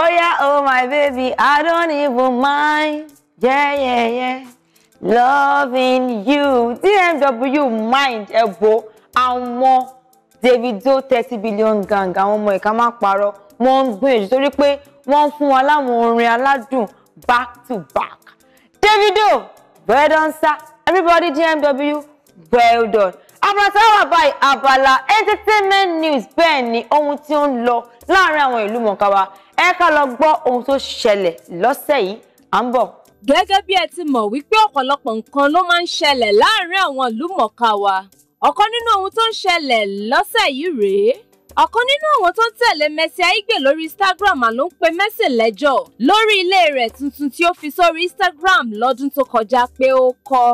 Oh yeah, oh my baby, I don't even mind. Yeah, yeah, yeah. Loving you. DMW mind ẹ̀bọ àwọn Davido thirty billion gang àwọn ọmọ ìka máa parọ́ wọ́n ń gbìyànjú torí pé wọ́n ń fún wọn láwọn orin back to back. Davido well done sir everybody DMW well done. Àbàtà wà báyìí abala entertainment news bẹ́ẹ̀ ni ohun tí ó ń lọ láàárín àwọn ìlú mọ̀ọ́ká wa ẹ ká lọ gbọ́ ohun tó ṣẹlẹ̀ lọ́sẹ̀ yìí à ń bọ̀. gẹ́gẹ́ bí ẹ ti mọ̀ wípé ọ̀pọ̀lọpọ̀ nǹkan ló máa ń ṣẹlẹ̀ láàárín àwọn ìlú mọ̀ọ́ká wa ọ̀kan nínú ohun tó ń ṣẹlẹ̀ lọ́sẹ̀ yìí rèé ọ̀kan nínú àwọn tó ń tẹ̀lé Mercy Aigbe lórí Instagram ló ń pe Mercy lẹ́jọ́ lórí ilé rẹ̀ tuntun tí ó fi sórí Instagram lọ́dún tó kọjá pé ó kọ́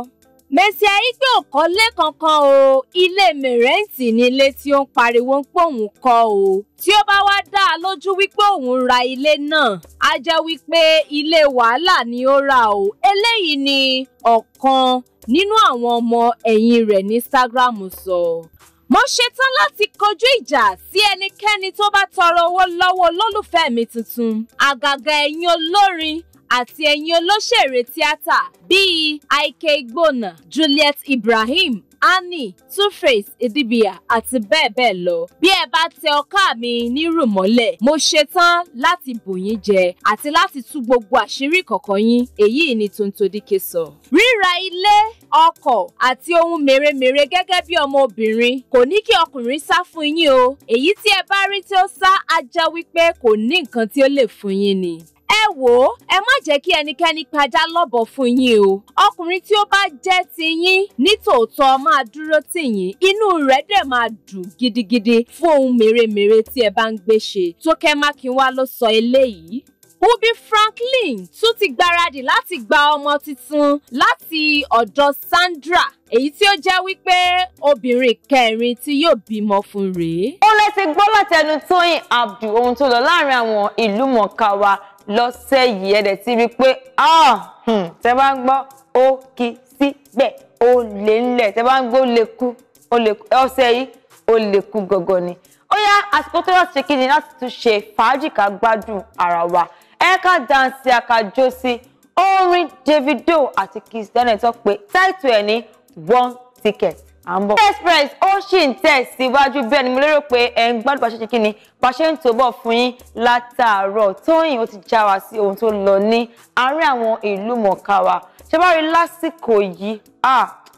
Mercy Aigbe ò kọ́lé kankan o ilé mẹ̀rẹ́ǹtì ní ilé tí ó ń pariwo ń pòun kọ́ o tí ó bá wá dá a dájú wípé òun ra ilé náà á jẹ́ wípé ilé wàhálà ni ó rà o eléyìí ni ọ̀kan nínú àwọn ọmọ ẹ̀yìn rẹ̀ ní Instagram sọ. mo ṣetán láti kọjú ìjà sí ẹnikẹ́ni tó bá tọrọ owó lọ́wọ́ olólùfẹ́ mi tuntun àgàgà ẹ̀yin olórin àti ẹ̀yìn olóṣèré tíátà bíi Ike Igbona, Juliet Ibrahim, Annie, Tuface Idibia àti bẹ́ẹ̀ bẹ́ẹ̀ lọ. Bí ẹ bá tẹ ọkà mi nírù mọ́lẹ̀, mo ṣetán láti bù yín jẹ àti láti tú gbogbo àṣírí kọ̀ọ̀kan yín. Èyí ni Tontodike sọ. Ríra ilé, ọkọ̀ àti ohun mèremère gẹ́gẹ́ bí ọmọ obìnrin kò ní kí ọkùnrin sá fún yín o. Èyí tí ẹ bá rí tí ó sá á já wípé kò ní nǹkan tí ó lè fún yín ni wò ó ẹ má jẹ́ kí ẹnikẹ́ni padà lọ́bọ̀ fún yín o ọkùnrin tí ó bá jẹ́ ti yín ní tòótọ́ máa dúró tì yín inú rẹ̀ dẹ̀ máa dùn gidigidi fún ohun mèremère tí ẹ bá ń gbé ṣe Tókẹ́ Mákinwá ló sọ eléyìí Wúbí Franklin tún ti gbáradì láti gba ọmọ tuntun láti ọ̀dọ̀ Sandra èyí tí ó jẹ́ wípé obìnrin kẹrin tí yóò bímọ fún rèé. ó lè ti gbọ́ látẹnu Tóyìn Abdul ohun tó lọ láàrin àwọn ìlú mọ̀ọ́ká wa lọ́sẹ̀ yìí ẹ̀ dẹ̀ ti rí i pé ah, hmm, tẹ́ bá ń gbọ́ ó kì í síbẹ̀ ó lè ńlẹ̀ tẹ́ bá ń gbọ́ ó lè kú ọ̀sẹ̀ yìí ó lè kú gọ̀gọ̀ ni. ó yá àsìkò tó láti ṣe kí ni láti tún ṣe fàájì ká gbádùn ara wa ẹ ká dáǹsì àkájọ sí orin Davido àti Kiss tó pé táìtù ẹ̀ ní one ticket àmbọ̀. express ó sì ń tẹ̀síwájú bẹ́ẹ̀ ni mo lérò pé ẹ ń gbádùn pàṣẹ kíni pàṣẹ ń tòbọ̀ fún yín látàárọ̀ tóyìn ó ti já wa sí ohun tó lọ ní àárín àwọn ìlú mọ̀ọ́ká wa ṣé bá rí lásìkò yìí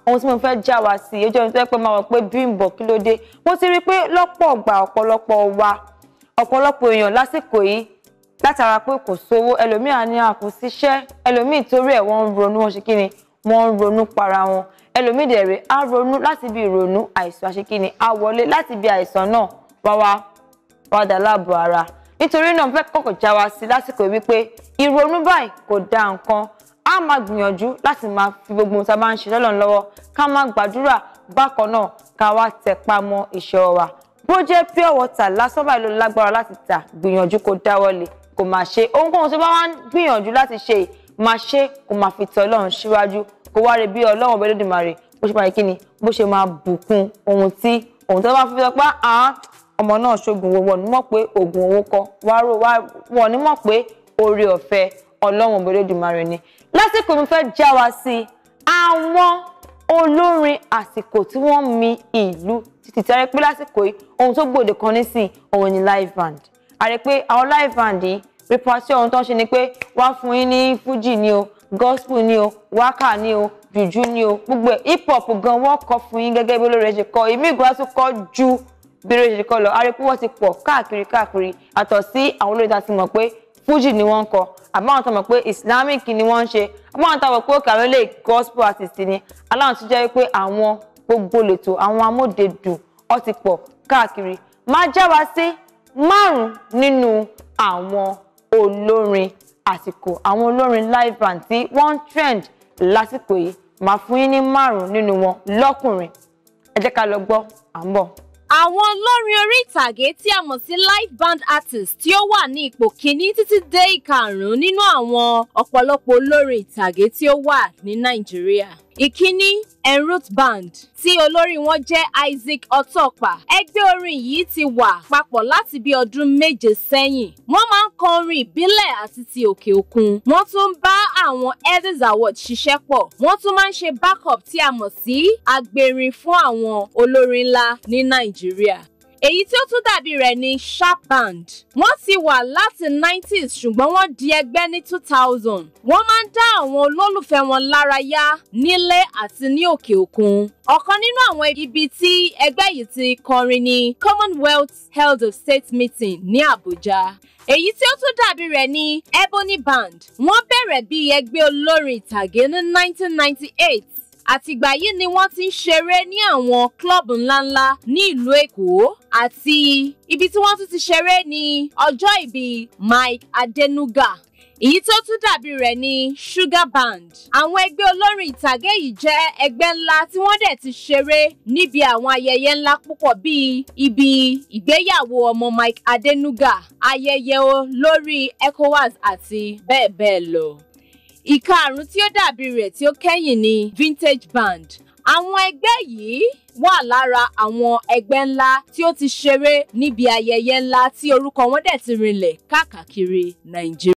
ohun tí mo fẹ́ já wa sí ojú ọ̀run tó yẹ pé máa wọ̀ pé Bímbọ́ kí ló dé mo ti rí i pé lọ́pọ̀ ọ̀gbà ọ̀pọ̀lọpọ̀ wa ọ̀pọ̀lọpọ̀ èèyàn lásìkò yìí látara pé kò sówó ẹlòmíà ní àkùsíṣẹ́ ẹlòmíì torí ẹ̀ wọ́n ń ronú wọn ṣe kí ni wọ́n ń ronú para wọn ẹlòmíì dẹ̀ rèé á ronú láti bí ìrònú àìsàn àṣekíni á wọlé láti bí àìsàn náà wáwá wádà láàbò ara nítorí náà fẹ́ kọ́kọ́ já wa sí lásìkò wípé ìrònú báyìí kò da nǹkan á máa gbìyànjú láti máa fi gbogbo ohun tá a bá ń ṣe lọ́lọ́run lọ́wọ́ ká máa gbàdúrà bákan náà ká wá tẹpá mọ́ ìṣọ́ wa bó jẹ́ pure water lásán báyìí ló lágbára láti tà gbìyànjú kó dáwọ́lé kó máa ṣe ohunkóhun tó bá wá ń gbìyànjú láti ṣe máa ṣe kó máa fi tọ́ Ọlọ́run síwájú kó wá rè bí ọlọ́run bẹ́ẹ̀ lódìmarè bó ṣe máa kí ni bó ṣe máa bùkún ohun tí ohun tí wọ́n bá fi sọ pé àá ọmọ náà ṣoògùn owó wọn ni mọ̀ pé oògùn owó kọ́ wọn ni mọ̀ pé oore ọ̀fẹ́ ọlọ́run bẹ́ẹ̀ lódìmarè ni lásìkò mi fẹ́ já wa sí àwọn olórin àsìkò tí wọ́n mi ìlú títí tí a rẹ pé lásìkò yìí ohun tó gbòde kan nísìn òun ni live band a rẹ pé àwọn live band yìí repertoire ohun tó ń ṣe ni pé wọ́n fún yín ní fújì ni o gospel ni o wákà ni o jùjú ni o gbogbo hip hop gan wọ́n kọ fún yín gẹ́gẹ́ bí olóore ṣe kọ èmi ìgbà tó kọ ju bí olóore ṣe kọ lọ arí pé ti pọ̀ káàkiri káàkiri àtọ̀ sí àwọn olóore tá ti mọ̀ pé fuji ni wọ́n ń kọ àbá àwọn tó mọ̀ pé islamic ni wọ́n ń ṣe àbá àwọn táwọn pé òkè àwọn ilé gospel artist ni aláwọn tó jẹ́ pé àwọn gbogbo lètò àwọn amódedùn ó ti pọ̀ káàkiri máa já wa sí márùn nínú àwọn olórin àsìkò àwọn olórin live band tí wọ́n trend lásìkò yìí màá fún yín ní márùn-ún nínú wọn lọ́kùnrin ẹ jẹ́ ká lọ gbọ́ à ń bọ̀. àwọn olórin orí ìtàgé tí a mọ̀ sí live band artist tí ó wà ní ipò kíní títí dé ìkarùn-ún nínú àwọn ọ̀pọ̀lọpọ̀ olórin ìtàgé tí ó wà ní nàìjíríà ìkíní enroute band tí olórí wọn jẹ́ Isaac Ọ̀tọ̀pà ẹgbẹ́ orin yìí ti wà papọ̀ láti bí ọdún méje sẹ́yìn wọ́n máa ń kọ orin ìbílẹ̀ àti ti òkè òkun wọ́n tún ń bá àwọn Elders award ṣiṣẹ́ pọ̀ wọ́n tún máa ń ṣe backup tí a mọ̀ sí agbèrin fún àwọn olórin ńlá ní Nàìjíríà èyí tí ó tún dàbí rẹ̀ ni sharp band. wọ́n ti wà láti 90s ṣùgbọ́n wọ́n di ẹgbẹ́ ní 2000 wọ́n máa ń dá àwọn olólùfẹ́ wọn lárayá nílé àti ní òkè òkun ọ̀kan nínú àwọn ibi tí ẹgbẹ́ yìí ti kọrin ni Commonwealth Health of State Meeting ní Àbújá èyí tí ó tún dàbí rẹ̀ ni Ebony Band wọ́n bẹ̀rẹ̀ bí ẹgbẹ́ olórin ìtàgé ní 1998 àtìgbà yìí ni wọ́n ti ń ṣeré ní àwọn klọ́ọ̀bù ńláńlá ní ìlú Èkó àti ibi tí wọ́n tún ti ṣeré ní ọjọ́ ìbí Mike Adenuga èyí tó tún dàbí rẹ̀ ni Sugar Band àwọn ẹgbẹ́ olórin ìtàgé yìí jẹ́ ẹgbẹ́ ńlá tí wọ́n dẹ̀ ti ṣeré níbi àwọn ayẹyẹ ńlá púpọ̀ bíi ibi ìgbéyàwó ọmọ Mike Adenuga ayẹyẹ olórí ECOWAS àti bẹ́ẹ̀ bẹ́ẹ̀ lọ. Ìkarùn-ún tí ó dàbí rẹ̀ tí ó kẹ́yìn ni Vintage Band. Àwọn ẹgbẹ́ yìí wà lára àwọn ẹgbẹ́ ńlá tí ó ti ṣeré níbi ayẹyẹ ńlá tí orúkọ wọn dẹ̀ ti rinlẹ̀ káàkiri Nàìjíríà.